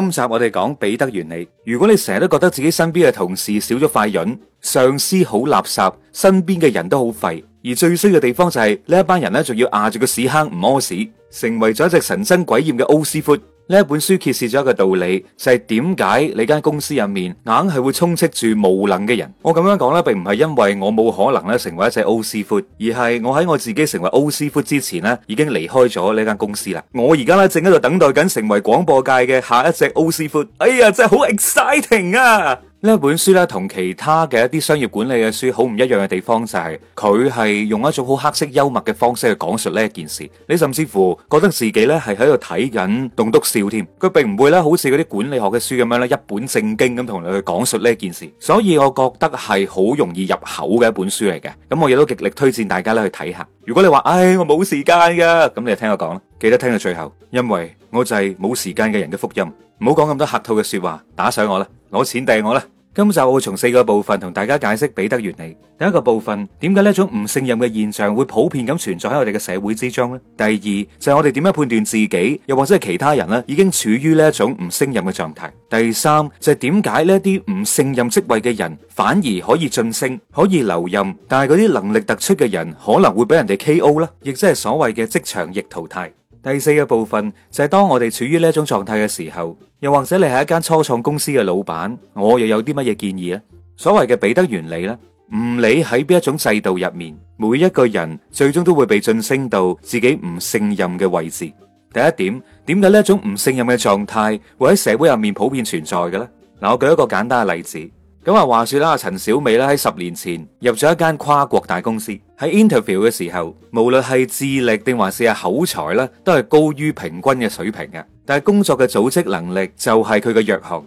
今集我哋講彼得原理。如果你成日都覺得自己身邊嘅同事少咗塊潤，上司好垃圾，身邊嘅人都好廢，而最衰嘅地方就係呢一班人咧，仲要壓住個屎坑唔屙屎，成為咗一隻神憎鬼厭嘅歐斯闊。呢本書揭示咗一個道理，就係點解你間公司入面硬係會充斥住無能嘅人。我咁樣講呢，並唔係因為我冇可能咧成為一隻歐斯福，C、ood, 而係我喺我自己成為歐斯福之前咧，已經離開咗呢間公司啦。我而家咧正喺度等待緊成為廣播界嘅下一隻歐斯福。哎呀，真係好 exciting 啊！呢本書咧，同其他嘅一啲商業管理嘅書好唔一樣嘅地方就係，佢係用一種好黑色幽默嘅方式去講述呢一件事。你甚至乎覺得自己呢係喺度睇緊棟篤笑添。佢並唔會咧好似嗰啲管理學嘅書咁樣咧一本正經咁同你去講述呢一件事。所以我覺得係好容易入口嘅一本書嚟嘅。咁我亦都極力推薦大家咧去睇下。如果你話唉，我冇時間噶，咁你就聽我講啦，記得聽到最後，因為我就係冇時間嘅人嘅福音。唔好講咁多客套嘅說話，打賞我啦，攞錢掟我啦。今集我會從四個部分同大家解釋彼得原理。第一個部分，點解呢一種唔勝任嘅現象會普遍咁存在喺我哋嘅社會之中咧？第二就係、是、我哋點樣判斷自己又或者係其他人咧，已經處於呢一種唔勝任嘅狀態。第三就係點解呢啲唔勝任職位嘅人反而可以晉升，可以留任，但係嗰啲能力突出嘅人可能會俾人哋 K.O. 咧，亦即係所謂嘅職場逆淘汰。第四個部分就係、是、當我哋處於呢一種狀態嘅時候。又或者你係一間初創公司嘅老闆，我又有啲乜嘢建議呢？所謂嘅彼得原理咧，唔理喺邊一種制度入面，每一個人最終都會被晉升到自己唔勝任嘅位置。第一點，點解呢一種唔勝任嘅狀態會喺社會入面普遍存在嘅咧？嗱，我舉一個簡單嘅例子。咁啊，話說啦，陳小美啦，喺十年前入咗一間跨國大公司。喺 interview 嘅時候，無論係智力定還是啊口才啦，都係高於平均嘅水平嘅。但係工作嘅組織能力就係佢嘅弱項。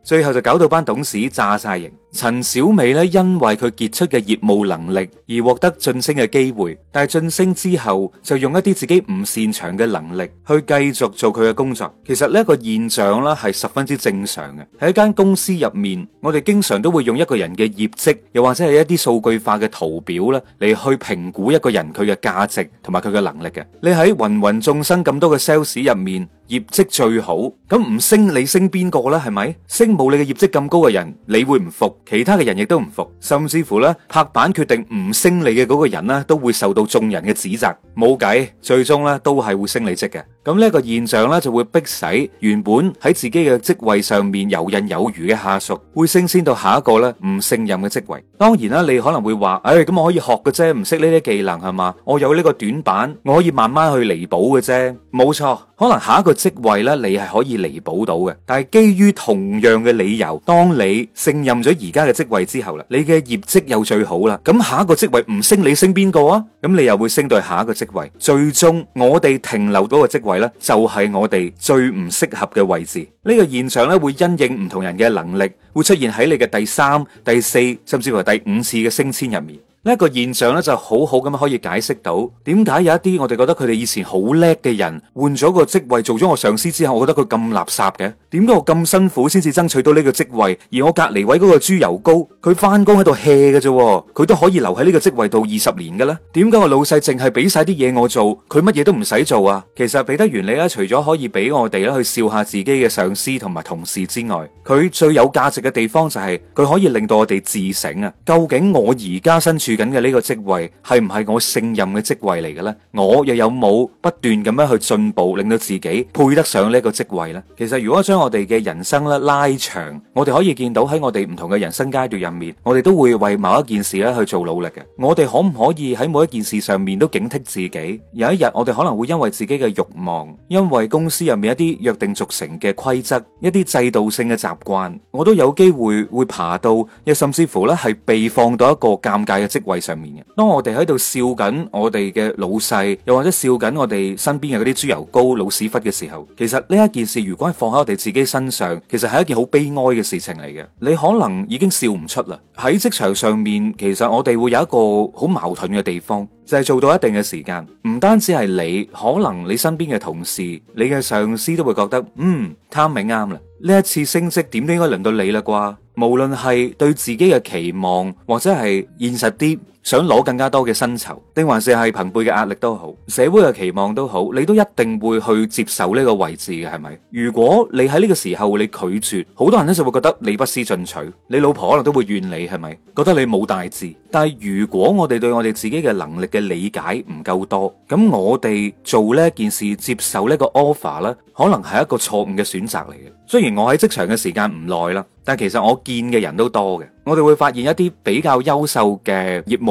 最後就搞到班董事炸晒營。陳小美咧，因為佢傑出嘅業務能力而獲得晉升嘅機會，但係晉升之後就用一啲自己唔擅長嘅能力去繼續做佢嘅工作。其實呢個現象啦，係十分之正常嘅。喺一間公司入面，我哋經常都會用一個人嘅業績，又或者係一啲數據化嘅圖表啦，嚟去評估一個人佢嘅價值同埋佢嘅能力嘅。你喺芸芸眾生咁多嘅 sales 入面，業績最好，咁唔升你升邊個呢？係咪升冇你嘅業績咁高嘅人？你會唔服？其他嘅人亦都唔服，甚至乎呢，拍板決定唔升你嘅嗰個人呢，都會受到眾人嘅指責。冇計，最終呢都係會升你職嘅。咁呢個現象呢就會逼使原本喺自己嘅職位上面游刃有餘嘅下屬，會升遷到下一個呢唔勝任嘅職位。當然啦，你可能會話，唉，咁我可以學嘅啫，唔識呢啲技能係嘛，我有呢個短板，我可以慢慢去彌補嘅啫。冇錯，可能下一個職位呢，你係可以彌補到嘅。但係基於同樣嘅理由，當你勝任咗而而家嘅職位之後啦，你嘅業績又最好啦，咁下一個職位唔升你升邊個啊？咁你又會升到下一個職位，最終我哋停留到個職位呢，就係我哋最唔適合嘅位置。呢個現象呢，會因應唔同人嘅能力，會出現喺你嘅第三、第四，甚至乎第五次嘅升遷入面。呢一個現象咧，就好好咁可以解釋到，點解有一啲我哋覺得佢哋以前好叻嘅人，換咗個職位做咗我上司之後，我覺得佢咁垃圾嘅，點解我咁辛苦先至爭取到呢個職位，而我隔籬位嗰個豬油膏，佢翻工，喺度 hea 嘅啫，佢都可以留喺呢個職位度二十年嘅咧，點解我老細淨係俾晒啲嘢我做，佢乜嘢都唔使做啊？其實俾得原理咧，除咗可以俾我哋咧去笑下自己嘅上司同埋同事之外，佢最有價值嘅地方就係、是、佢可以令到我哋自省啊！究竟我而家身處？住緊嘅呢個職位係唔係我勝任嘅職位嚟嘅咧？我又有冇不斷咁樣去進步，令到自己配得上呢一個職位咧？其實如果將我哋嘅人生咧拉長，我哋可以見到喺我哋唔同嘅人生階段入面，我哋都會為某一件事咧去做努力嘅。我哋可唔可以喺每一件事上面都警惕自己？有一日我哋可能會因為自己嘅慾望，因為公司入面一啲約定俗成嘅規則、一啲制度性嘅習慣，我都有機會會爬到，又甚至乎咧係被放到一個尷尬嘅職。位上面嘅，當我哋喺度笑緊我哋嘅老細，又或者笑緊我哋身邊嘅嗰啲豬油膏、老屎忽嘅時候，其實呢一件事如果係放喺我哋自己身上，其實係一件好悲哀嘅事情嚟嘅。你可能已經笑唔出啦。喺職場上面，其實我哋會有一個好矛盾嘅地方，就係做到一定嘅時間，唔單止係你，可能你身邊嘅同事、你嘅上司都會覺得，嗯，貪咪啱啦。呢一次升職點都應該輪到你啦啩。無論係對自己嘅期望，或者係現實啲。想攞更加多嘅薪酬，定還是係朋輩嘅壓力都好，社會嘅期望都好，你都一定會去接受呢個位置嘅係咪？如果你喺呢個時候你拒絕，好多人咧就會覺得你不思進取，你老婆可能都會怨你係咪？覺得你冇大志。但係如果我哋對我哋自己嘅能力嘅理解唔夠多，咁我哋做呢一件事接受呢個 offer 咧，可能係一個錯誤嘅選擇嚟嘅。雖然我喺職場嘅時間唔耐啦，但其實我見嘅人都多嘅，我哋會發現一啲比較優秀嘅業務。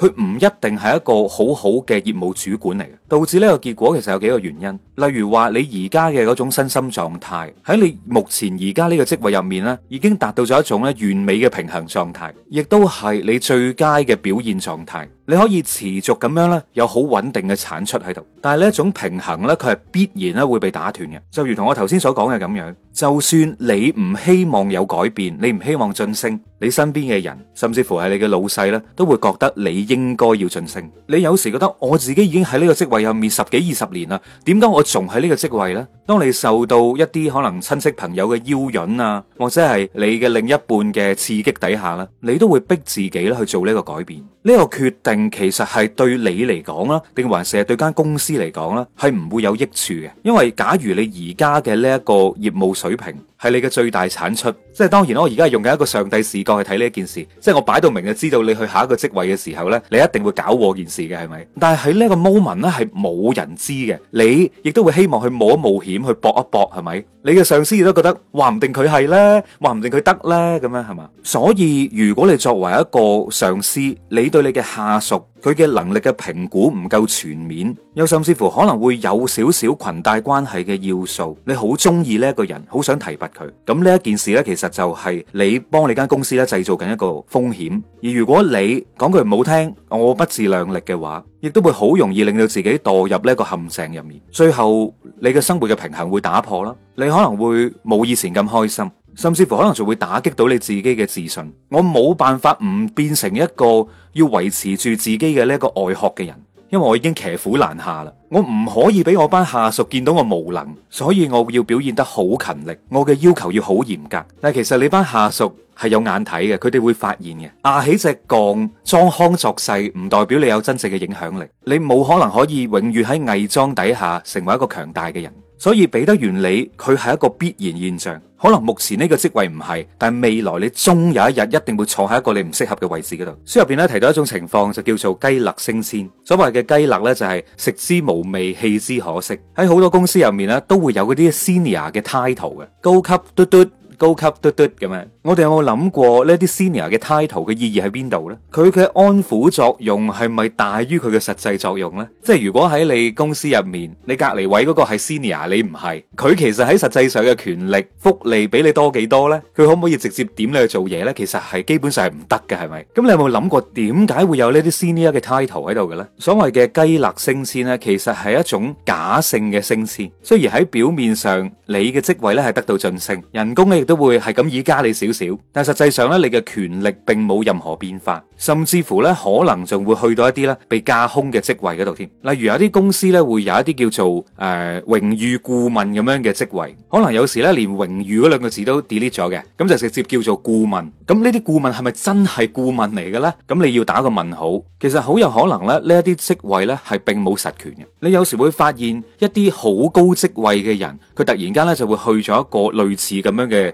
佢唔一定係一個好好嘅業務主管嚟嘅，導致呢個結果其實有幾個原因，例如話你而家嘅嗰種身心狀態喺你目前而家呢個職位入面呢已經達到咗一種咧完美嘅平衡狀態，亦都係你最佳嘅表現狀態，你可以持續咁樣呢有好穩定嘅產出喺度。但係呢一種平衡呢佢係必然咧會被打斷嘅，就如同我頭先所講嘅咁樣，就算你唔希望有改變，你唔希望晉升，你身邊嘅人，甚至乎係你嘅老細呢都會覺得你。應該要晉升。你有時覺得我自己已經喺呢個職位入面十幾二十年啦，點解我仲喺呢個職位呢？當你受到一啲可能親戚朋友嘅邀引啊，或者係你嘅另一半嘅刺激底下咧，你都會逼自己咧去做呢個改變。呢個決定其實係對你嚟講啦，定還是係對間公司嚟講啦，係唔會有益處嘅。因為假如你而家嘅呢一個業務水平係你嘅最大產出，即係當然我而家用緊一個上帝視角去睇呢一件事，即係我擺到明就知道你去下一個職位嘅時候呢。你一定會搞我件事嘅，係咪？但係喺呢個 moment 咧，係冇人知嘅。你亦都會希望去冒一冒險去搏一搏，係咪？你嘅上司亦都覺得話唔定佢係咧，話唔定佢得咧，咁樣係嘛？所以如果你作為一個上司，你對你嘅下屬。佢嘅能力嘅評估唔夠全面，又甚至乎可能會有少少裙帶關係嘅要素。你好中意呢一個人，好想提拔佢。咁呢一件事呢，其實就係你幫你間公司咧製造緊一個風險。而如果你講句唔好聽，我不自量力嘅話，亦都會好容易令到自己墮入呢個陷阱入面。最後你嘅生活嘅平衡會打破啦，你可能會冇以前咁開心。甚至乎可能仲會打擊到你自己嘅自信。我冇辦法唔變成一個要維持住自己嘅呢一個外殼嘅人，因為我已經騎虎難下啦。我唔可以俾我班下屬見到我無能，所以我要表現得好勤力，我嘅要求要好嚴格。但其實你班下屬係有眼睇嘅，佢哋會發現嘅。架起隻槓裝腔作勢，唔代表你有真正嘅影響力。你冇可能可以永遠喺偽裝底下成為一個強大嘅人。所以彼德原理，佢係一個必然現象。可能目前呢個職位唔係，但未來你終有一日一定會坐喺一個你唔適合嘅位置嗰度。書入邊咧提到一種情況，就叫做雞肋升鮮。所謂嘅雞肋呢，就係、是、食之無味，棄之可惜。喺好多公司入面呢，都會有嗰啲 senior 嘅 title 嘅高級嘟嘟。高級嘟嘟咁樣！我哋有冇諗過呢一啲 senior 嘅 title 嘅意義喺邊度咧？佢嘅安撫作用係咪大於佢嘅實際作用咧？即係如果喺你公司入面，你隔籬位嗰個係 senior，你唔係，佢其實喺實際上嘅權力、福利比你多幾多咧？佢可唔可以直接點你去做嘢咧？其實係基本上係唔得嘅，係咪？咁你有冇諗過點解會有呢啲 senior 嘅 title 喺度嘅咧？所謂嘅雞肋升遷咧，其實係一種假性嘅升遷，雖然喺表面上你嘅職位咧係得到晉升，人工咧。都會係咁以加你少少，但係實際上咧，你嘅權力並冇任何變化，甚至乎咧可能仲會去到一啲咧被架空嘅職位嗰度添。例如有啲公司咧會有一啲叫做誒榮譽顧問咁樣嘅職位，可能有時咧連榮譽嗰兩個字都 delete 咗嘅，咁就直接叫做顧問。咁呢啲顧問係咪真係顧問嚟嘅咧？咁你要打個問號。其實好有可能咧，呢一啲職位咧係並冇實權嘅。你有時會發現一啲好高職位嘅人，佢突然間咧就會去咗一個類似咁樣嘅。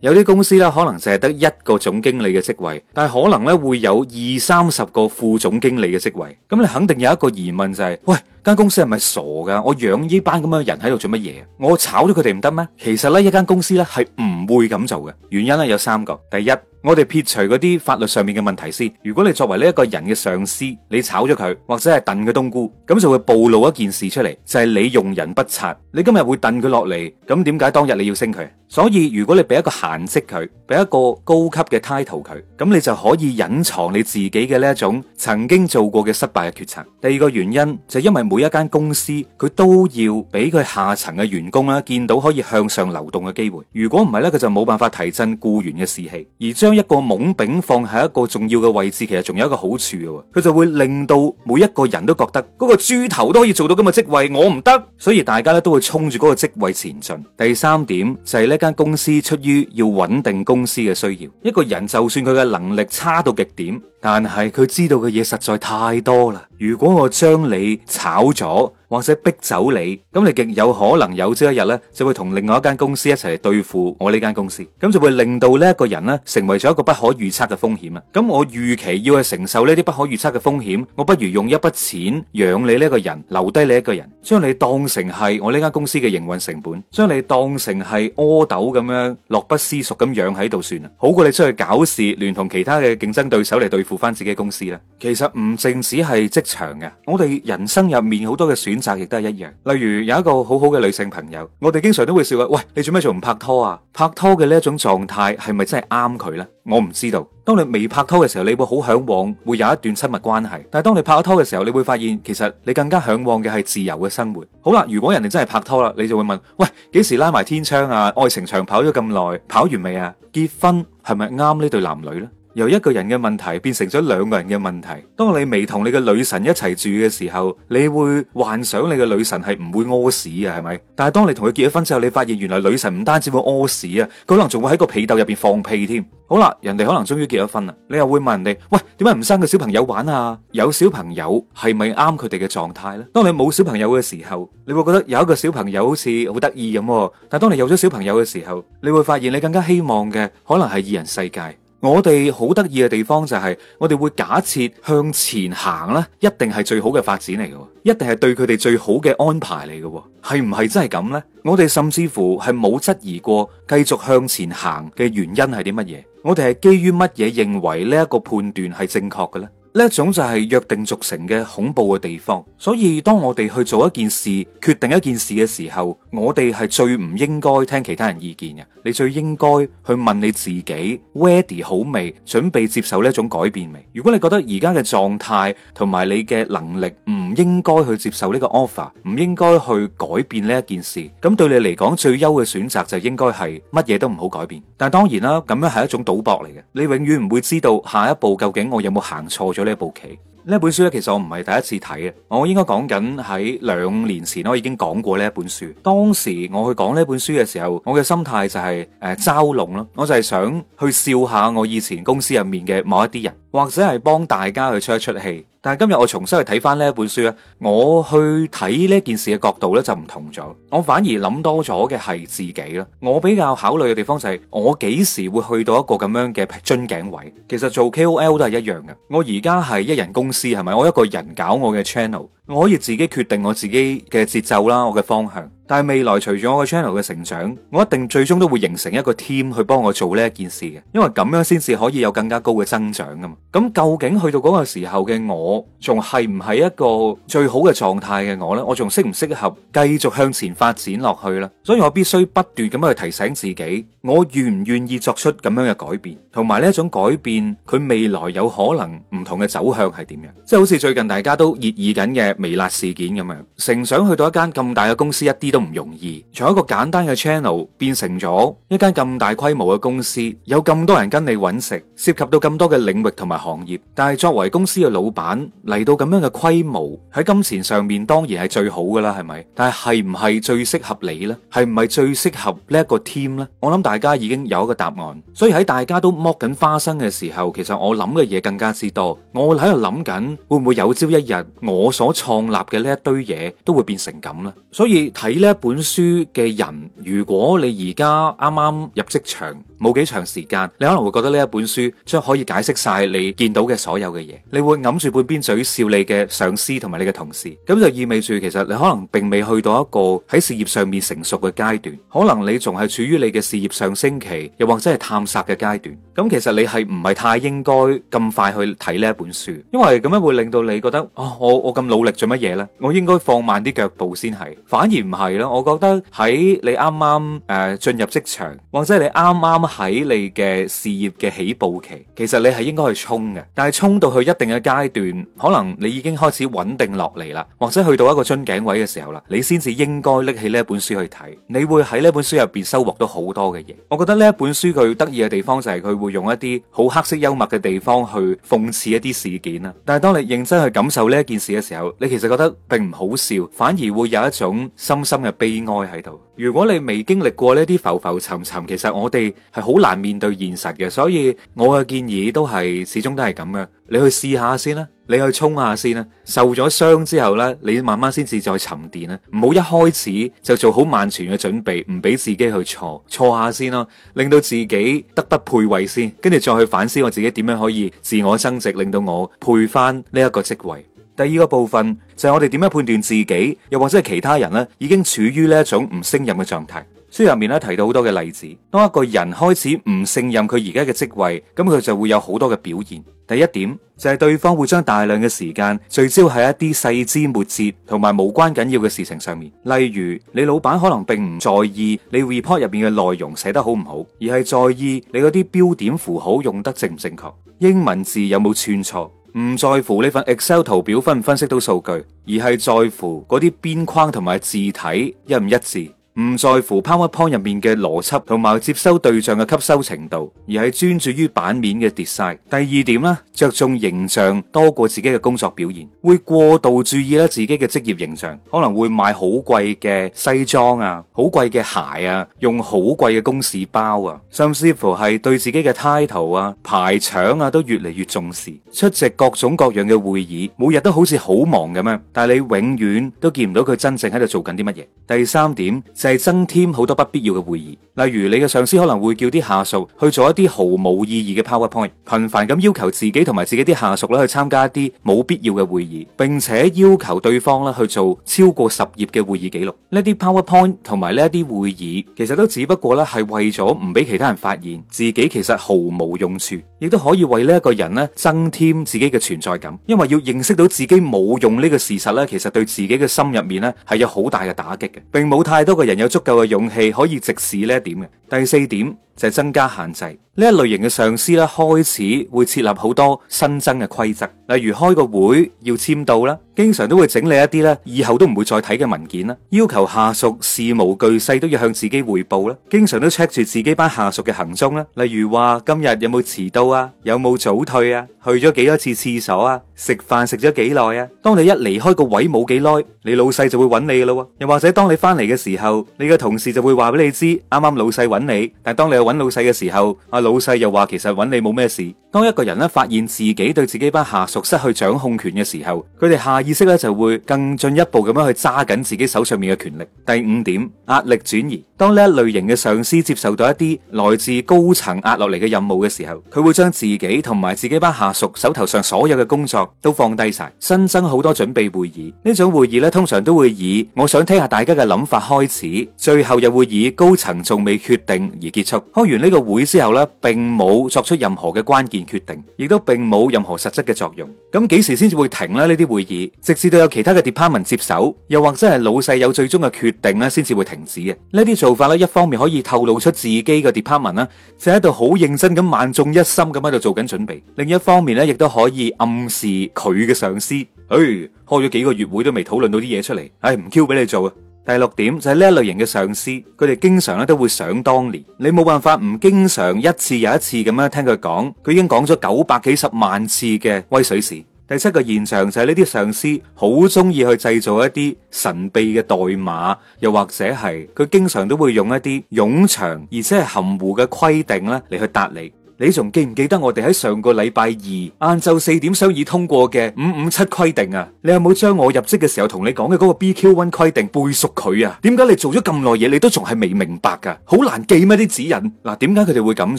有啲公司咧，可能淨係得一個總經理嘅職位，但係可能咧會有二三十個副總經理嘅職位。咁你肯定有一個疑問就係，喂，間公司係咪傻噶？我養呢班咁樣嘅人喺度做乜嘢？我炒咗佢哋唔得咩？其實咧，一間公司咧係唔會咁做嘅。原因咧有三個，第一，我哋撇除嗰啲法律上面嘅問題先。如果你作為呢一個人嘅上司，你炒咗佢，或者係燉佢冬菇，咁就會暴露一件事出嚟，就係你用人不察。你今日會燉佢落嚟，咁點解當日你要升佢？所以如果你俾一個閒。顏色佢，俾一個高級嘅 title 佢，咁你就可以隱藏你自己嘅呢一種曾經做過嘅失敗嘅決策。第二個原因就係因為每一間公司佢都要俾佢下層嘅員工啦，見到可以向上流動嘅機會。如果唔係呢，佢就冇辦法提振僱員嘅士氣，而將一個懵炳放喺一個重要嘅位置，其實仲有一個好處嘅，佢就會令到每一個人都覺得嗰個豬頭都可以做到咁嘅職位，我唔得，所以大家咧都會衝住嗰個職位前進。第三點就係呢間公司出於。要穩定公司嘅需要，一個人就算佢嘅能力差到極點。但係佢知道嘅嘢實在太多啦。如果我將你炒咗，或者逼走你，咁你極有可能有朝一日咧，就會同另外一間公司一齊嚟對付我呢間公司。咁就會令到呢一個人咧，成為咗一個不可預測嘅風險啦。咁我預期要去承受呢啲不可預測嘅風險，我不如用一筆錢養你呢一個人，留低你一個人，將你當成係我呢間公司嘅營運成本，將你當成係阿斗咁樣樂不思蜀咁養喺度算啦。好過你出去搞事，聯同其他嘅競爭對手嚟對付。翻自己公司咧，其實唔淨止係職場嘅，我哋人生入面好多嘅選擇亦都係一樣。例如有一個好好嘅女性朋友，我哋經常都會笑話：「喂，你做咩仲唔拍拖啊？拍拖嘅呢一種狀態係咪真係啱佢呢？我唔知道。當你未拍拖嘅時候，你會好向往會有一段親密關係，但係當你拍咗拖嘅時候，你會發現其實你更加向往嘅係自由嘅生活。好啦，如果人哋真係拍拖啦，你就會問：「喂，幾時拉埋天窗啊？愛情長跑咗咁耐，跑完未啊？結婚係咪啱呢對男女呢？」由一個人嘅問題變成咗兩個人嘅問題。當你未同你嘅女神一齊住嘅時候，你會幻想你嘅女神係唔會屙屎啊？係咪？但係當你同佢結咗婚之後，你發現原來女神唔單止會屙屎啊，佢可能仲會喺個被竇入邊放屁添。好啦，人哋可能終於結咗婚啦，你又會問人哋，喂，點解唔生個小朋友玩啊？有小朋友係咪啱佢哋嘅狀態呢？當你冇小朋友嘅時候，你會覺得有一個小朋友好似好得意咁，但係當你有咗小朋友嘅時候，你會發現你更加希望嘅可能係二人世界。我哋好得意嘅地方就係，我哋會假設向前行咧，一定係最好嘅發展嚟嘅，一定係對佢哋最好嘅安排嚟嘅，係唔係真係咁呢？我哋甚至乎係冇質疑過，繼續向前行嘅原因係啲乜嘢？我哋係基於乜嘢認為呢一個判斷係正確嘅呢？呢一種就係約定俗成嘅恐怖嘅地方，所以當我哋去做一件事、決定一件事嘅時候，我哋係最唔應該聽其他人意見嘅。你最應該去問你自己 ready 好未？準備接受呢一種改變未？如果你覺得而家嘅狀態同埋你嘅能力唔應該去接受呢個 offer，唔應該去改變呢一件事，咁對你嚟講最優嘅選擇就應該係乜嘢都唔好改變。但係當然啦，咁樣係一種賭博嚟嘅，你永遠唔會知道下一步究竟我有冇行錯咗。呢部棋，呢本書咧，其實我唔係第一次睇嘅。我應該講緊喺兩年前，我已經講過呢一本書。當時我去講呢本書嘅時候，我嘅心態就係、是、誒、呃、嘲弄啦，我就係想去笑下我以前公司入面嘅某一啲人，或者係幫大家去出一出氣。但係今日我重新去睇翻呢一本書咧，我去睇呢件事嘅角度咧就唔同咗，我反而諗多咗嘅係自己啦。我比較考慮嘅地方就係、是、我幾時會去到一個咁樣嘅樽頸位。其實做 KOL 都係一樣嘅。我而家係一人公司係咪？我一個人搞我嘅 channel。我可以自己決定我自己嘅節奏啦，我嘅方向。但係未來隨住我個 channel 嘅成長，我一定最終都會形成一個 team 去幫我做呢一件事嘅，因為咁樣先至可以有更加高嘅增長㗎嘛。咁究竟去到嗰個時候嘅我，仲係唔係一個最好嘅狀態嘅我呢？我仲適唔適合繼續向前發展落去呢？所以，我必須不斷咁樣去提醒自己，我願唔願意作出咁樣嘅改變，同埋呢一種改變佢未來有可能唔同嘅走向係點樣？即係好似最近大家都熱議緊嘅。微辣事件咁樣，成想去到一間咁大嘅公司一啲都唔容易，從一個簡單嘅 channel 變成咗一間咁大規模嘅公司，有咁多人跟你搵食，涉及到咁多嘅領域同埋行業。但係作為公司嘅老闆嚟，到咁樣嘅規模，喺金錢上面當然係最好噶啦，係咪？但係係唔係最適合你呢？係唔係最適合呢一個 team 呢？我諗大家已經有一個答案。所以喺大家都剝緊花生嘅時候，其實我諗嘅嘢更加之多。我喺度諗緊會唔會有朝一日我所創立嘅呢一堆嘢都會變成咁咧，所以睇呢一本書嘅人，如果你而家啱啱入職場冇幾長時間，你可能會覺得呢一本書將可以解釋晒你見到嘅所有嘅嘢，你會揞住半邊嘴笑你嘅上司同埋你嘅同事，咁就意味住其實你可能並未去到一個喺事業上面成熟嘅階段，可能你仲係處於你嘅事業上升期，又或者係探索嘅階段，咁其實你係唔係太應該咁快去睇呢一本書，因為咁樣會令到你覺得啊、哦，我我咁努力。做乜嘢呢？我應該放慢啲腳步先係，反而唔係咯。我覺得喺你啱啱誒進入職場，或者你啱啱喺你嘅事業嘅起步期，其實你係應該去衝嘅。但係衝到去一定嘅階段，可能你已經開始穩定落嚟啦，或者去到一個樽頸位嘅時候啦，你先至應該拎起呢一本書去睇。你會喺呢本書入邊收穫到好多嘅嘢。我覺得呢一本書佢得意嘅地方就係佢會用一啲好黑色幽默嘅地方去諷刺一啲事件啦。但係當你認真去感受呢一件事嘅時候，你其實覺得並唔好笑，反而會有一種深深嘅悲哀喺度。如果你未經歷過呢啲浮浮沉沉，其實我哋係好難面對現實嘅。所以我嘅建議都係始終都係咁樣，你去試下先啦、啊，你去衝下先啦、啊。受咗傷之後呢，你慢慢先至再沉澱啦。唔好一開始就做好萬全嘅準備，唔俾自己去錯，錯下先啦、啊，令到自己得不配位先，跟住再去反思我自己點樣可以自我增值，令到我配翻呢一個職位。第二個部分就係我哋點樣判斷自己，又或者係其他人咧，已經處於呢一種唔勝任嘅狀態。書入面咧提到好多嘅例子，當一個人開始唔勝任佢而家嘅職位，咁佢就會有好多嘅表現。第一點就係對方會將大量嘅時間聚焦喺一啲細枝末節同埋無關緊要嘅事情上面。例如，你老闆可能並唔在意你 report 入邊嘅內容寫得好唔好，而係在意你嗰啲標點符號用得正唔正確，英文字有冇串錯。唔在乎呢份 Excel 圖表分唔分析到數據，而係在乎嗰啲邊框同埋字體一唔一致。唔在乎 PowerPoint 入面嘅邏輯同埋接收對象嘅吸收程度，而係專注於版面嘅 design。第二點咧，着重形象多過自己嘅工作表現，會過度注意咧自己嘅職業形象，可能會買好貴嘅西裝啊，好貴嘅鞋啊，用好貴嘅公事包啊，甚至乎係對自己嘅 title 啊、排場啊都越嚟越重視，出席各種各樣嘅會議，每日都好似好忙咁樣，但係你永遠都見唔到佢真正喺度做緊啲乜嘢。第三點。就係增添好多不必要嘅會議，例如你嘅上司可能會叫啲下屬去做一啲毫無意義嘅 PowerPoint，頻繁咁要求自己同埋自己啲下屬咧去參加一啲冇必要嘅會議，並且要求對方咧去做超過十頁嘅會議記錄。呢啲 PowerPoint 同埋呢一啲會議，其實都只不過咧係為咗唔俾其他人發現自己其實毫無用處，亦都可以為呢一個人咧增添自己嘅存在感。因為要認識到自己冇用呢個事實咧，其實對自己嘅心入面咧係有好大嘅打擊嘅，並冇太多嘅人。人有足夠嘅勇氣可以直視呢一點嘅，第四點。就係增加限制。呢一類型嘅上司咧，開始會設立好多新增嘅規則，例如開個會要簽到啦，經常都會整理一啲咧，以後都唔會再睇嘅文件啦，要求下屬事無巨細都要向自己匯報啦，經常都 check 住自己班下屬嘅行蹤啦，例如話今日有冇遲到啊，有冇早退啊，去咗幾多次廁所啊，食飯食咗幾耐啊，當你一離開個位冇幾耐，你老細就會揾你噶啦，又或者當你翻嚟嘅時候，你嘅同事就會話俾你知，啱啱老細揾你，但係當你揾老細嘅時候，阿老細又話其實揾你冇咩事。當一個人咧發現自己對自己班下屬失去掌控權嘅時候，佢哋下意識咧就會更進一步咁樣去揸緊自己手上面嘅權力。第五點，壓力轉移。當呢一類型嘅上司接受到一啲來自高層壓落嚟嘅任務嘅時候，佢會將自己同埋自己班下屬手頭上所有嘅工作都放低晒，新增好多準備會議。呢種會議咧通常都會以我想聽下大家嘅諗法開始，最後又會以高層仲未決定而結束。開完呢個會之後呢，並冇作出任何嘅關鍵決定，亦都並冇任何實質嘅作用。咁幾時先至會停呢？呢啲會議，直至到有其他嘅 department 接手，又或者係老細有最終嘅決定呢，先至會停止嘅。呢啲做法呢，一方面可以透露出自己嘅 department 呢，就喺度好認真咁萬眾一心咁喺度做緊準備；另一方面呢，亦都可以暗示佢嘅上司，誒、哎，開咗幾個月會都未討論到啲嘢出嚟，唉，唔 Q 俾你做啊！第六點就係呢一類型嘅上司，佢哋經常咧都會想當年，你冇辦法唔經常一次又一次咁樣聽佢講，佢已經講咗九百幾十萬次嘅威水事。第七個現象就係呢啲上司好中意去製造一啲神秘嘅代碼，又或者係佢經常都會用一啲冗長而且係含糊嘅規定咧嚟去答你。你仲記唔記得我哋喺上個禮拜二晏晝四點商議通過嘅五五七規定啊？你有冇將我入職嘅時候同你講嘅嗰個 BQ one 規定背熟佢啊？點解你做咗咁耐嘢，你都仲係未明白噶？好難記咩啲指引？嗱，點解佢哋會咁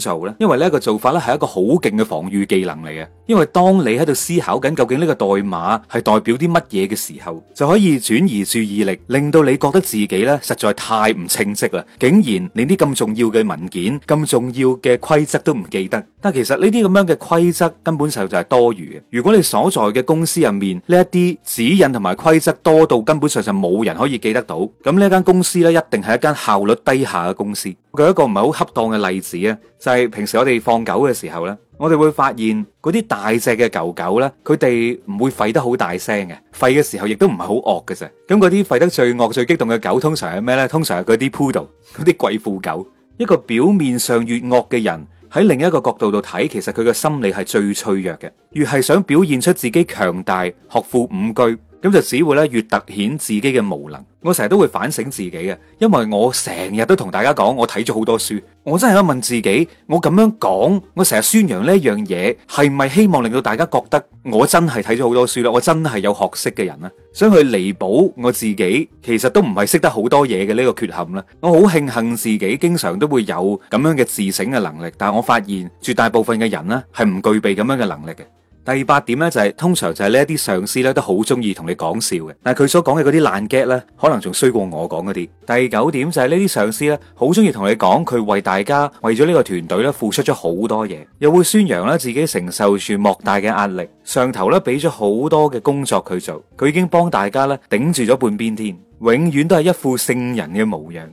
做呢？因為呢一個做法咧係一個好勁嘅防禦技能嚟嘅。因為當你喺度思考緊究竟呢個代碼係代表啲乜嘢嘅時候，就可以轉移注意力，令到你覺得自己咧實在太唔稱職啦！竟然連啲咁重要嘅文件、咁重要嘅規則都唔記得。但係，其實呢啲咁樣嘅規則根本上就係多餘嘅。如果你所在嘅公司入面呢一啲指引同埋規則多到根本上就冇人可以記得到，咁呢一間公司呢，一定係一間效率低下嘅公司。舉一個唔係好恰當嘅例子呢，就係平時我哋放狗嘅時候呢，我哋會發現嗰啲大隻嘅狗狗呢，佢哋唔會吠得好大聲嘅，吠嘅時候亦都唔係好惡嘅。啫，咁嗰啲吠得最惡、最激動嘅狗，通常係咩呢？通常係嗰啲 Poodle 嗰啲貴婦狗。一個表面上越惡嘅人。喺另一個角度度睇，其實佢嘅心理係最脆弱嘅，越係想表現出自己強大，學富五車。咁就只會咧越凸顯自己嘅無能。我成日都會反省自己嘅，因為我成日都同大家講，我睇咗好多書。我真係想問自己，我咁樣講，我成日宣揚呢一樣嘢，係咪希望令到大家覺得我真係睇咗好多書咧？我真係有學識嘅人啦。想去彌補我自己，其實都唔係識得好多嘢嘅呢個缺陷啦。我好慶幸自己經常都會有咁樣嘅自省嘅能力，但我發現絕大部分嘅人呢係唔具備咁樣嘅能力嘅。第八點咧，就係、是、通常就係呢一啲上司咧，都好中意同你講笑嘅，但係佢所講嘅嗰啲爛 gag 咧，可能仲衰過我講嗰啲。第九點就係呢啲上司咧，好中意同你講佢為大家為咗呢個團隊咧，付出咗好多嘢，又會宣揚咧自己承受住莫大嘅壓力，上頭咧俾咗好多嘅工作佢做，佢已經幫大家咧頂住咗半邊天，永遠都係一副聖人嘅模樣。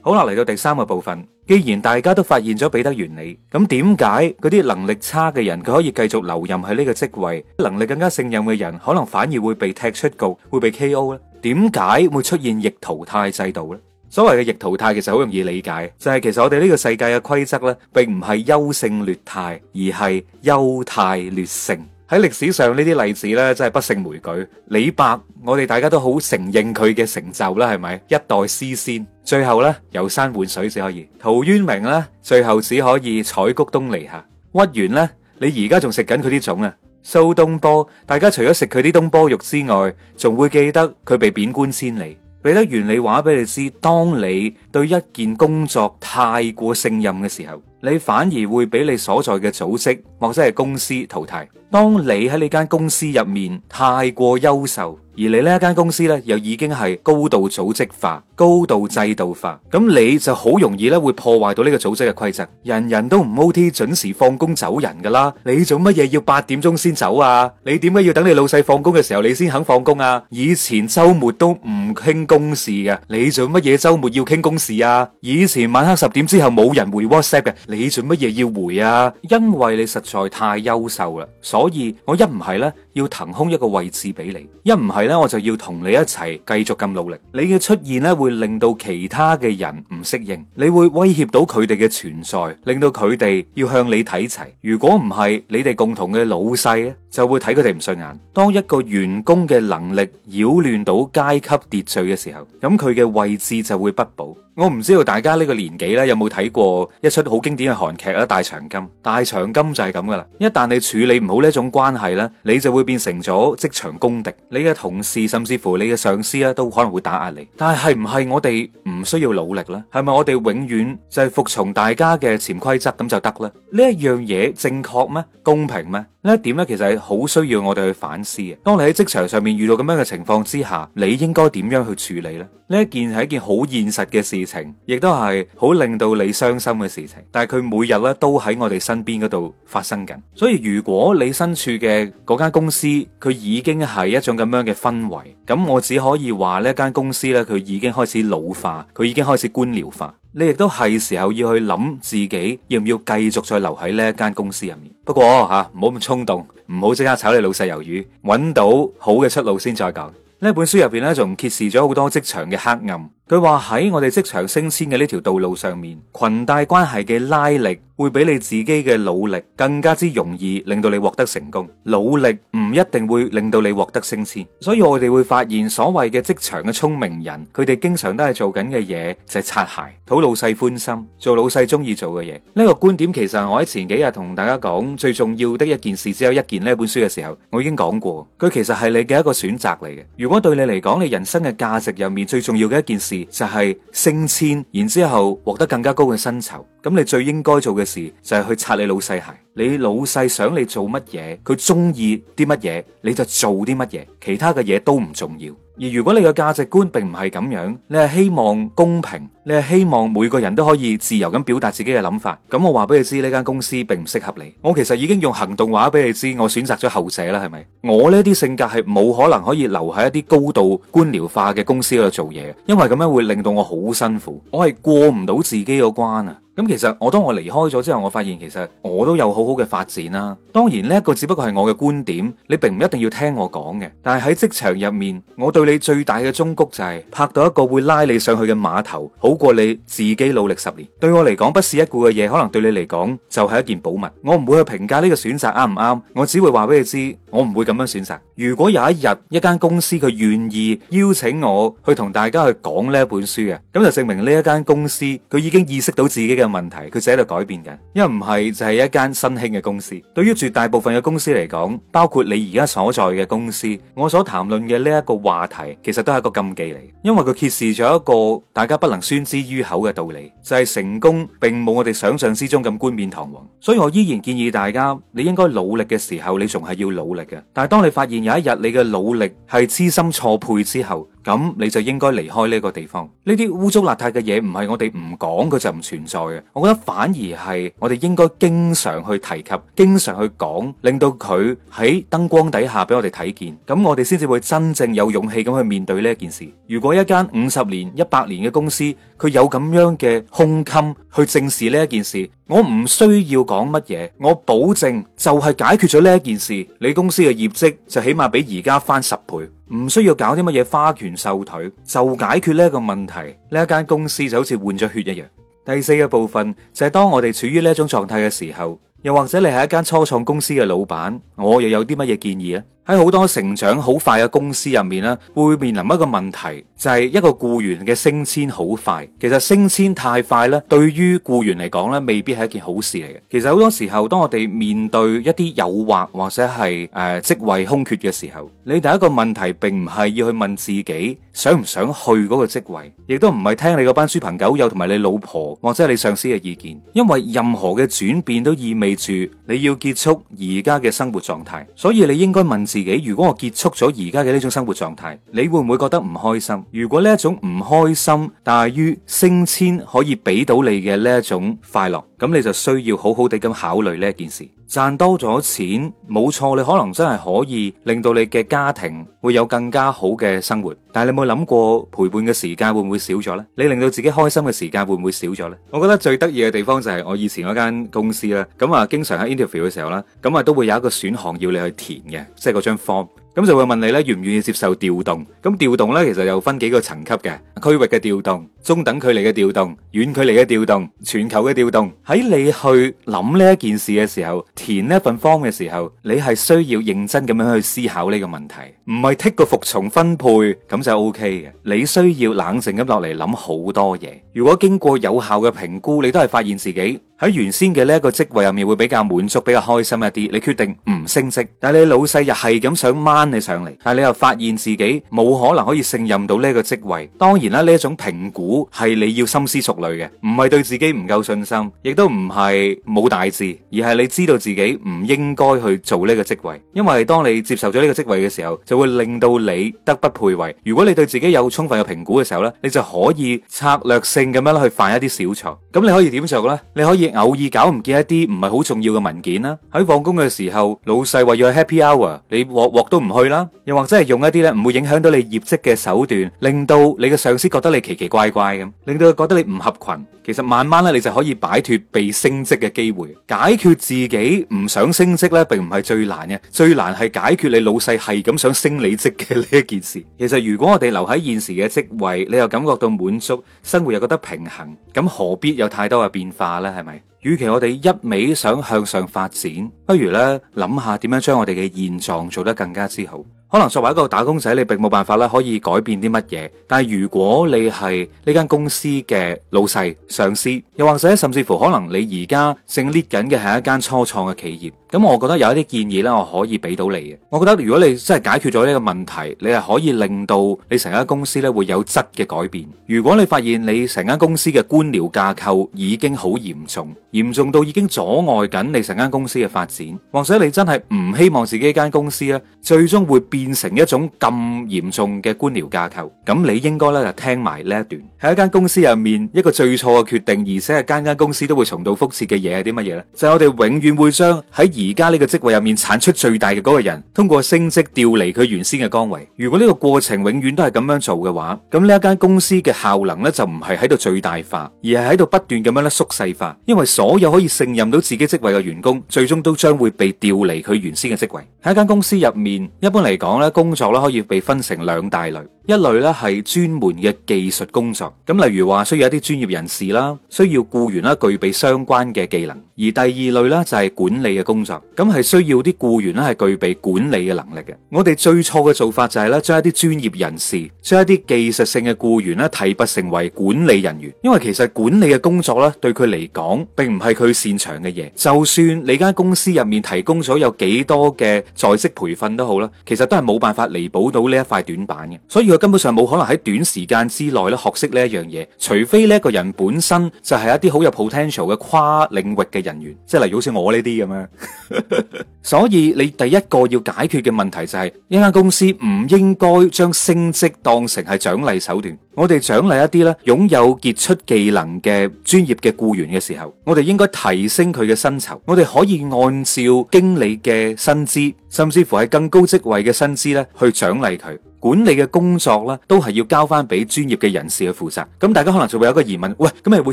好啦，嚟到第三個部分。既然大家都發現咗彼得原理，咁點解嗰啲能力差嘅人佢可以繼續留任喺呢個職位，能力更加勝任嘅人可能反而會被踢出局，會被 K.O. 呢？點解會出現逆淘汰制度呢？所謂嘅逆淘汰其實好容易理解，就係其實我哋呢個世界嘅規則呢，並唔係優勝劣汰，而係優汰劣勝。喺歷史上呢啲例子呢，真係不勝枚舉。李白，我哋大家都好承認佢嘅成就啦，係咪一代詩仙？最後呢，遊山玩水只可以。陶淵明呢，最後只可以採菊東籬下。屈原呢，你而家仲食緊佢啲種啊？蘇東坡，大家除咗食佢啲東坡肉之外，仲會記得佢被貶官千里。彼德原理話俾你知，當你對一件工作太過勝任嘅時候，你反而會俾你所在嘅組織，或者係公司淘汰。當你喺呢間公司入面太過優秀，而你呢一間公司咧又已經係高度組織化、高度制度化，咁你就好容易咧會破壞到呢個組織嘅規則。人人都唔 OT 準時放工走人噶啦，你做乜嘢要八點鐘先走啊？你點解要等你老細放工嘅時候你先肯放工啊？以前周末都唔傾公事嘅，你做乜嘢周末要傾公事啊？以前晚黑十點之後冇人回 WhatsApp 嘅。你做乜嘢要回啊？因為你實在太優秀啦，所以我一唔係咧要騰空一個位置俾你，一唔係咧我就要同你一齊繼續咁努力。你嘅出現咧會令到其他嘅人唔適應，你會威脅到佢哋嘅存在，令到佢哋要向你睇齊。如果唔係，你哋共同嘅老細咧就會睇佢哋唔順眼。當一個員工嘅能力擾亂到階級秩序嘅時候，咁佢嘅位置就會不保。我唔知道大家呢個年紀呢有冇睇過一出好經典嘅韓劇啊，《大長今》。大長今就係咁噶啦，一旦你處理唔好呢一種關係咧，你就會變成咗職場公敵。你嘅同事甚至乎你嘅上司咧，都可能會打壓你。但係，係唔係我哋唔需要努力呢？係咪我哋永遠就係服從大家嘅潛規則咁就得呢？呢一樣嘢正確咩？公平咩？呢一點咧，其實係好需要我哋去反思嘅。當你喺職場上面遇到咁樣嘅情況之下，你應該點樣去處理呢？呢一件係一件好現實嘅事情，亦都係好令到你傷心嘅事情。但係佢每日咧都喺我哋身邊嗰度發生緊。所以如果你身處嘅嗰間公司，佢已經係一種咁樣嘅氛圍，咁我只可以話呢間公司咧，佢已經開始老化，佢已經開始官僚化。你亦都係時候要去諗自己要唔要繼續再留喺呢一間公司入面。不過吓，唔好咁衝動，唔好即刻炒你老細魷魚，搵到好嘅出路先再講。呢本書入邊咧，仲揭示咗好多職場嘅黑暗。佢話喺我哋職場升遷嘅呢條道路上面，裙帶關係嘅拉力會比你自己嘅努力更加之容易，令到你獲得成功。努力唔一定會令到你獲得升遷，所以我哋會發現所謂嘅職場嘅聰明人，佢哋經常都係做緊嘅嘢就係、是、擦鞋、討老細歡心、做老細中意做嘅嘢。呢、這個觀點其實我喺前幾日同大家講最重要的一件事只有一件呢本書嘅時候，我已經講過，佢其實係你嘅一個選擇嚟嘅。如果對你嚟講，你人生嘅價值入面最重要嘅一件事。就係升遷，然之後獲得更加高嘅薪酬。咁你最應該做嘅事就係去擦你老細鞋。你老細想你做乜嘢，佢中意啲乜嘢，你就做啲乜嘢，其他嘅嘢都唔重要。而如果你嘅價值觀並唔係咁樣，你係希望公平，你係希望每個人都可以自由咁表達自己嘅諗法，咁我話俾你知呢間公司並唔適合你。我其實已經用行動話俾你知，我選擇咗後者啦，係咪？我呢啲性格係冇可能可以留喺一啲高度官僚化嘅公司嗰度做嘢，因為咁樣會令到我好辛苦，我係過唔到自己個關啊！咁其實我當我離開咗之後，我發現其實我都有好好嘅發展啦、啊。當然呢一、這個只不過係我嘅觀點，你並唔一定要聽我講嘅。但係喺職場入面，我對你最大嘅忠告就係、是、拍到一個會拉你上去嘅碼頭，好過你自己努力十年。對我嚟講，不是一顧嘅嘢，可能對你嚟講就係一件寶物。我唔會去評價呢個選擇啱唔啱，我只會話俾你知，我唔會咁樣選擇。如果有一日一間公司佢願意邀請我去同大家去講呢一本書嘅，咁就證明呢一間公司佢已經意識到自己嘅。問題，佢就喺度改變緊，一唔係就係一間新興嘅公司。對於絕大部分嘅公司嚟講，包括你而家所在嘅公司，我所談論嘅呢一個話題，其實都係一個禁忌嚟，因為佢揭示咗一個大家不能宣之於口嘅道理，就係成功並冇我哋想象之中咁冠冕堂皇。所以我依然建議大家，你應該努力嘅時候，你仲係要努力嘅。但係當你發現有一日你嘅努力係痴心錯配之後，咁你就應該離開呢個地方。呢啲污糟邋遢嘅嘢唔係我哋唔講，佢就唔存在嘅。我覺得反而係我哋應該經常去提及、經常去講，令到佢喺燈光底下俾我哋睇見。咁我哋先至會真正有勇氣咁去面對呢一件事。如果一間五十年、一百年嘅公司，佢有咁樣嘅胸襟去正視呢一件事，我唔需要講乜嘢，我保證就係解決咗呢一件事，你公司嘅業績就起碼比而家翻十倍。唔需要搞啲乜嘢花拳繡腿，就解決呢一個問題，呢一間公司就好似換咗血一樣。第四個部分就係、是、當我哋處於呢一種狀態嘅時候，又或者你係一間初創公司嘅老闆，我又有啲乜嘢建議啊？喺好多成長好快嘅公司入面咧，會面臨一個問題，就係一個僱員嘅升遷好快。其實升遷太快咧，對於僱員嚟講咧，未必係一件好事嚟嘅。其實好多時候，當我哋面對一啲誘惑或者係誒職位空缺嘅時候，你第一個問題並唔係要去問自己想唔想去嗰個職位，亦都唔係聽你嗰班豬朋狗友同埋你老婆或者你上司嘅意見，因為任何嘅轉變都意味住你要結束而家嘅生活狀態，所以你應該問。自己，如果我結束咗而家嘅呢種生活狀態，你會唔會覺得唔開心？如果呢一種唔開心大於升遷可以俾到你嘅呢一種快樂？咁你就需要好好地咁考慮呢件事，賺多咗錢冇錯，你可能真係可以令到你嘅家庭會有更加好嘅生活，但係你冇諗過陪伴嘅時間會唔會少咗呢？你令到自己開心嘅時間會唔會少咗呢？我覺得最得意嘅地方就係我以前嗰間公司啦，咁啊經常喺 interview 嘅時候啦，咁啊都會有一個選項要你去填嘅，即係嗰張 form。咁就會問你咧願唔願意接受調動？咁調動咧其實又分幾個層級嘅，區域嘅調動、中等距離嘅調動、遠距離嘅調動、全球嘅調動。喺你去諗呢一件事嘅時候，填呢一份 form 嘅時候，你係需要認真咁樣去思考呢個問題，唔係剔個服從分配咁就 OK 嘅。你需要冷靜咁落嚟諗好多嘢。如果經過有效嘅評估，你都係發現自己。喺原先嘅呢一個職位入面會比較滿足，比較開心一啲。你決定唔升職，但係你老細又係咁想掹你上嚟，但係你又發現自己冇可能可以勝任到呢一個職位。當然啦，呢一種評估係你要深思熟慮嘅，唔係對自己唔夠信心，亦都唔係冇大志，而係你知道自己唔應該去做呢個職位。因為當你接受咗呢個職位嘅時候，就會令到你德不配位。如果你對自己有充分嘅評估嘅時候咧，你就可以策略性咁樣去犯一啲小錯。咁你可以點做咧？你可以。偶爾搞唔見一啲唔係好重要嘅文件啦，喺放工嘅時候，老細話要去 happy hour，你鑊鑊都唔去啦，又或者係用一啲咧唔會影響到你業績嘅手段，令到你嘅上司覺得你奇奇怪怪咁，令到佢覺得你唔合群。其實慢慢咧，你就可以擺脫被升職嘅機會，解決自己唔想升職咧，並唔係最難嘅，最難係解決你老細係咁想升你職嘅呢一件事。其實如果我哋留喺現時嘅職位，你又感覺到滿足，生活又覺得平衡，咁何必有太多嘅變化呢？係咪？與其我哋一味想向上發展，不如咧，諗下點樣將我哋嘅現狀做得更加之好。可能作為一個打工仔，你並冇辦法啦，可以改變啲乜嘢。但係如果你係呢間公司嘅老細、上司，又或者甚至乎可能你而家正 lead 緊嘅係一間初創嘅企業，咁我覺得有一啲建議咧，我可以俾到你嘅。我覺得如果你真係解決咗呢個問題，你係可以令到你成間公司咧會有質嘅改變。如果你發現你成間公司嘅官僚架構已經好嚴重，嚴重到已經阻礙緊你成間公司嘅發展。或者你真係唔希望自己間公司咧最終會變成一種咁嚴重嘅官僚架構，咁你應該咧就聽埋呢一段。喺一間公司入面，一個最錯嘅決定，而且係間間公司都會重蹈覆轍嘅嘢係啲乜嘢咧？就係我哋永遠會將喺而家呢個職位入面產出最大嘅嗰個人，通過升職調離佢原先嘅崗位。如果呢個過程永遠都係咁樣做嘅話，咁呢一間公司嘅效能咧就唔係喺度最大化，而係喺度不斷咁樣咧縮細化。因為所有可以勝任到自己職位嘅員工，最終都。將會被調離佢原先嘅職位。喺一間公司入面，一般嚟講咧，工作咧可以被分成兩大類，一類咧係專門嘅技術工作，咁例如話需要一啲專業人士啦，需要僱員啦，具備相關嘅技能。而第二類咧就係管理嘅工作，咁係需要啲僱員咧係具備管理嘅能力嘅。我哋最錯嘅做法就係咧將一啲專業人士、將一啲技術性嘅僱員咧提拔成為管理人員，因為其實管理嘅工作咧對佢嚟講並唔係佢擅長嘅嘢。就算你間公司入面提供咗有幾多嘅在職培訓都好啦，其實都係冇辦法彌補到呢一塊短板嘅，所以佢根本上冇可能喺短時間之內咧學識呢一樣嘢，除非呢一個人本身就係一啲好有 potential 嘅跨領域嘅。人員即係例如好似我呢啲咁樣， 所以你第一個要解決嘅問題就係、是，一間公司唔應該將升職當成係獎勵手段。我哋獎勵一啲咧擁有傑出技能嘅專業嘅雇員嘅時候，我哋應該提升佢嘅薪酬。我哋可以按照經理嘅薪資，甚至乎係更高職位嘅薪資咧去獎勵佢。管理嘅工作咧，都係要交翻俾專業嘅人士去負責。咁大家可能就會有一個疑問，喂，咁咪會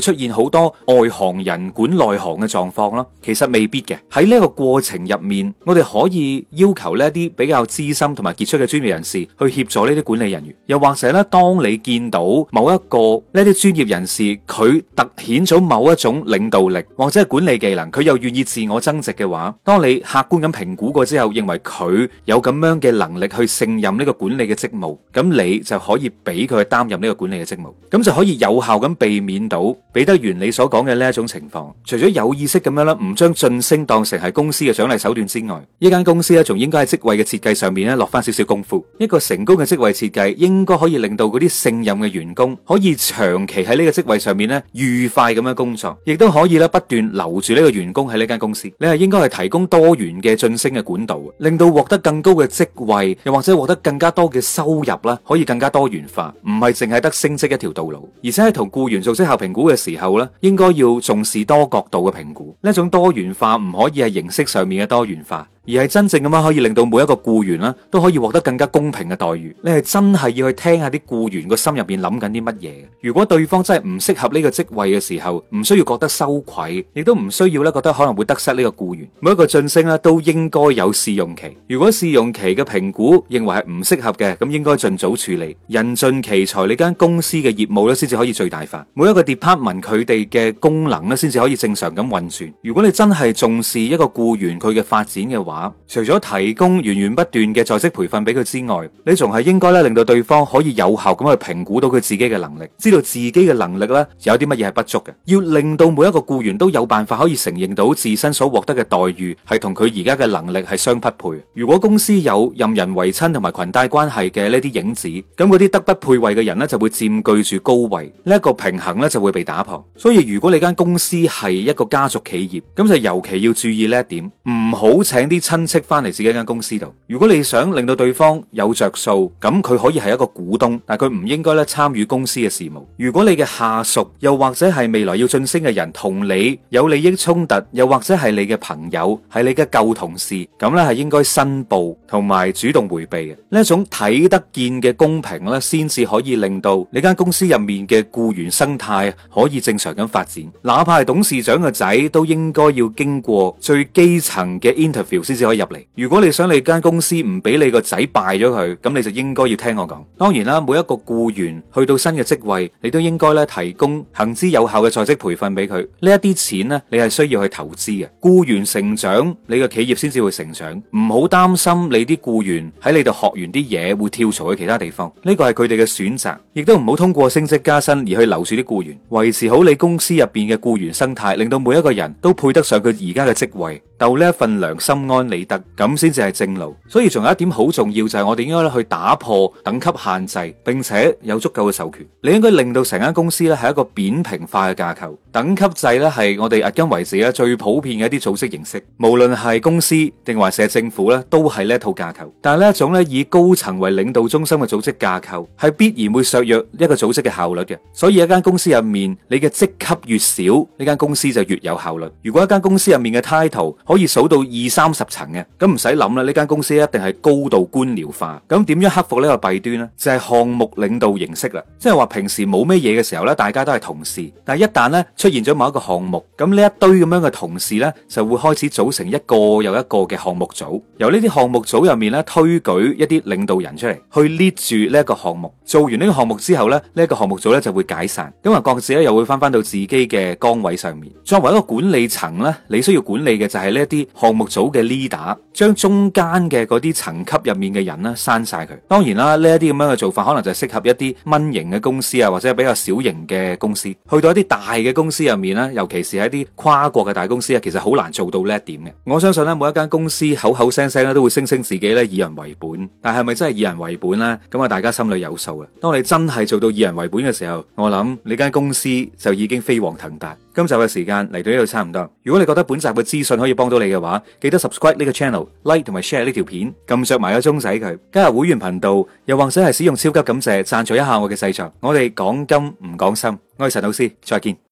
出現好多外行人管內行嘅狀況啦？其實未必嘅。喺呢個過程入面，我哋可以要求呢一啲比較資深同埋傑出嘅專業人士去協助呢啲管理人員。又或者咧，當你見到某一個呢啲專業人士，佢凸顯咗某一種領導力或者係管理技能，佢又願意自我增值嘅話，當你客觀咁評估過之後，認為佢有咁樣嘅能力去勝任呢個管理嘅。職務。咁你就可以俾佢去擔任呢個管理嘅職務，咁就可以有效咁避免到彼德原理你所講嘅呢一種情況。除咗有意識咁樣啦，唔將晉升當成係公司嘅獎勵手段之外，呢間公司咧，仲應該喺職位嘅設計上面咧落翻少少功夫。一個成功嘅職位設計應該可以令到嗰啲勝任嘅員工可以長期喺呢個職位上面咧愉快咁樣工作，亦都可以咧不斷留住呢個員工喺呢間公司。你係應該係提供多元嘅晉升嘅管道，令到獲得更高嘅職位，又或者獲得更加多嘅收入啦，可以更加多元化，唔係淨係得升職一條道路，而且喺同雇員做績效評估嘅時候咧，應該要重視多角度嘅評估，呢一種多元化唔可以係形式上面嘅多元化。而係真正咁樣可以令到每一個僱員啦，都可以獲得更加公平嘅待遇。你係真係要去聽下啲僱員個心入邊諗緊啲乜嘢。如果對方真係唔適合呢個職位嘅時候，唔需要覺得羞愧，亦都唔需要咧覺得可能會得失呢個僱員。每一個晉升咧都應該有試用期。如果試用期嘅評估認為係唔適合嘅，咁應該盡早處理。人盡其才，你間公司嘅業務咧先至可以最大化。每一個 department 佢哋嘅功能咧先至可以正常咁運轉。如果你真係重視一個僱員佢嘅發展嘅話，除咗提供源源不斷嘅在職培訓俾佢之外，你仲係應該咧令到對方可以有效咁去評估到佢自己嘅能力，知道自己嘅能力咧有啲乜嘢係不足嘅，要令到每一個僱員都有辦法可以承認到自身所獲得嘅待遇係同佢而家嘅能力係相匹配。如果公司有任人唯親同埋裙帶關係嘅呢啲影子，咁嗰啲德不配位嘅人咧就會佔據住高位，呢一個平衡咧就會被打破。所以如果你間公司係一個家族企業，咁就尤其要注意呢一點，唔好請啲。親戚翻嚟自己間公司度，如果你想令到對方有著數，咁佢可以係一個股東，但係佢唔應該咧參與公司嘅事務。如果你嘅下屬又或者係未來要晉升嘅人，同你有利益衝突，又或者係你嘅朋友，係你嘅舊同事，咁咧係應該申報同埋主動回避嘅。呢一種睇得見嘅公平咧，先至可以令到你間公司入面嘅雇員生態可以正常咁發展。哪怕係董事長嘅仔，都應該要經過最基層嘅 interview。先至可以入嚟。如果你想你間公司唔俾你個仔敗咗佢，咁你就應該要聽我講。當然啦，每一個僱員去到新嘅職位，你都應該咧提供行之有效嘅在職培訓俾佢。呢一啲錢呢，你係需要去投資嘅。僱員成長，你嘅企業先至會成長。唔好擔心你啲僱員喺你度學完啲嘢會跳槽去其他地方。呢個係佢哋嘅選擇，亦都唔好通過升職加薪而去留住啲僱員，維持好你公司入面嘅僱員生態，令到每一個人都配得上佢而家嘅職位。就呢一份良心安理得，咁先至係正路。所以仲有一點好重要就係我哋應該去打破等級限制，並且有足夠嘅授權。你應該令到成間公司咧係一個扁平化嘅架構。等級制咧係我哋迄今為止咧最普遍嘅一啲組織形式。無論係公司定還是係政府咧，都係呢一套架構。但係呢一種咧以高層為領導中心嘅組織架構，係必然會削弱一個組織嘅效率嘅。所以一間公司入面，你嘅職級越少，呢間公司就越有效率。如果一間公司入面嘅 title，可以數到二三十層嘅，咁唔使諗啦，呢間公司一定係高度官僚化。咁點樣克服呢個弊端咧？就係項目領導形式啦，即係話平時冇咩嘢嘅時候咧，大家都係同事，但係一旦咧出現咗某一個項目，咁呢一堆咁樣嘅同事咧，就會開始組成一個又一個嘅項目組。由呢啲項目組入面咧推舉一啲領導人出嚟，去 lead 住呢一個項目。做完呢個項目之後咧，呢一個項目組咧就會解散，咁啊各自咧又會翻翻到自己嘅崗位上面。作為一個管理層咧，你需要管理嘅就係。呢一啲項目組嘅 leader，將中間嘅嗰啲層級入面嘅人咧刪晒佢。當然啦，呢一啲咁樣嘅做法，可能就適合一啲蚊型嘅公司啊，或者比較小型嘅公司。去到一啲大嘅公司入面咧，尤其是喺一啲跨國嘅大公司啊，其實好難做到呢一點嘅。我相信咧，每一間公司口口聲聲咧都會聲稱自己咧以人為本，但係咪真係以人為本咧？咁啊，大家心裏有數啦。當你真係做到以人為本嘅時候，我諗你間公司就已經飛黃騰達。今集嘅時間嚟到呢度差唔多。如果你覺得本集嘅資訊可以幫幫到你嘅話，記得 subscribe 呢個 channel，like 同埋 share 呢條片，撳着埋個鐘仔佢加入會員頻道，又或者係使用超級感謝贊助一下我嘅製作。我哋講金唔講心，愛神老師再見。